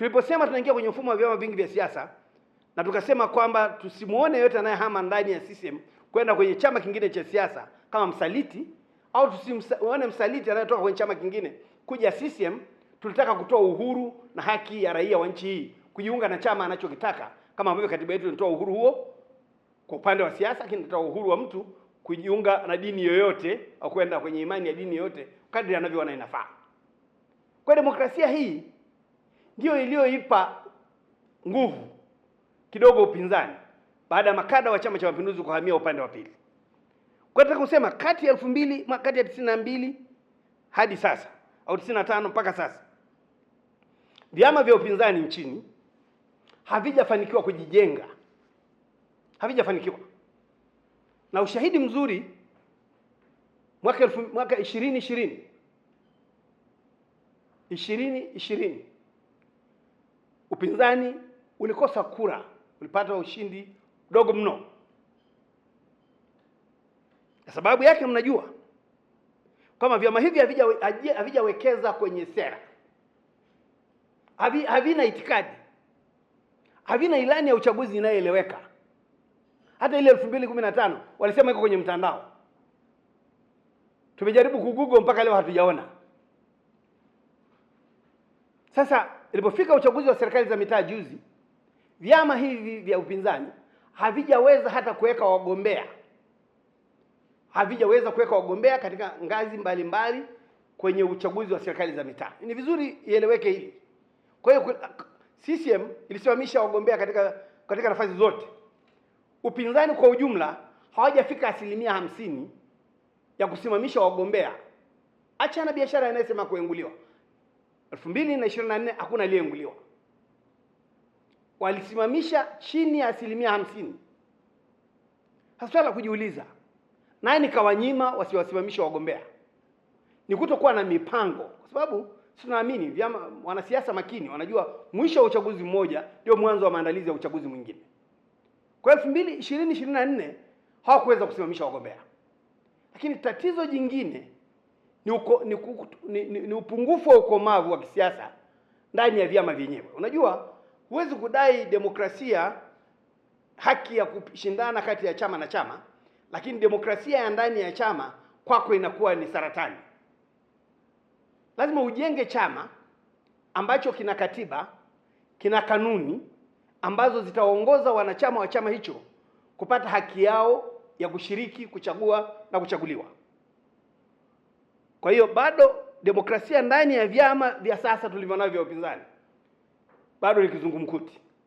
Tuliposema tunaingia kwenye mfumo wa vyama vingi vya siasa na tukasema kwamba tusimuone yote anayehama ndani ya CCM kwenda kwenye chama kingine cha siasa kama msaliti au tusimuone msaliti anayetoka kwenye chama kingine kuja CCM. Tulitaka kutoa uhuru na haki ya raia wa nchi hii kujiunga na chama anachokitaka, kama ambavyo katiba yetu inatoa uhuru huo kwa upande wa siasa, lakini inatoa uhuru wa mtu kujiunga na dini yoyote au kwenda kwenye imani ya dini yoyote kadri anavyoona inafaa. Kwa demokrasia hii ndio iliyoipa nguvu kidogo upinzani baada ya makada wa Chama cha Mapinduzi kuhamia upande wa pili. Kwa nataka kusema kati ya elfu mbili kati ya tisini na mbili hadi sasa au tisini na tano mpaka sasa vyama vya upinzani nchini havijafanikiwa kujijenga, havijafanikiwa. Na ushahidi mzuri mwaka elfu, mwaka ishirini ishirini ishirini ishirini upinzani ulikosa kura, ulipata ushindi mdogo mno. Na sababu yake mnajua kwamba vyama hivi havijawekeza kwenye sera, havina itikadi, havina ilani ya uchaguzi inayoeleweka. Hata ile 2015 walisema iko kwenye mtandao, tumejaribu kugugo mpaka leo hatujaona. Sasa ilipofika uchaguzi wa serikali za mitaa juzi, vyama hivi vya upinzani havijaweza hata kuweka wagombea, havijaweza kuweka wagombea katika ngazi mbalimbali mbali kwenye uchaguzi wa serikali za mitaa. Ni vizuri ieleweke hili. Kwa hiyo CCM ilisimamisha wagombea katika katika nafasi zote. Upinzani kwa ujumla hawajafika asilimia hamsini ya kusimamisha wagombea, achana biashara inayosema kuenguliwa. 2024 hakuna aliyeinguliwa, walisimamisha chini ya asilimia hamsini. Sasa swala la kujiuliza, nani kawanyima wasiwasimamisha wagombea? Ni kutokuwa na mipango, kwa sababu tunaamini vyama, wanasiasa makini wanajua mwisho wa uchaguzi mmoja ndio mwanzo wa maandalizi ya uchaguzi mwingine. Kwa 2020 2024 hawakuweza kusimamisha wagombea, lakini tatizo jingine ni, uko, ni, ni, ni, ni upungufu wa ukomavu wa kisiasa ndani ya vyama vyenyewe. Unajua, huwezi kudai demokrasia, haki ya kushindana kati ya chama na chama, lakini demokrasia ya ndani ya chama kwako inakuwa ni saratani. Lazima ujenge chama ambacho kina katiba, kina kanuni ambazo zitawaongoza wanachama wa chama hicho kupata haki yao ya kushiriki, kuchagua na kuchaguliwa. Kwa hiyo bado demokrasia ndani ya vyama vya sasa tulivyonavyo vya upinzani bado ni kizungumkuti.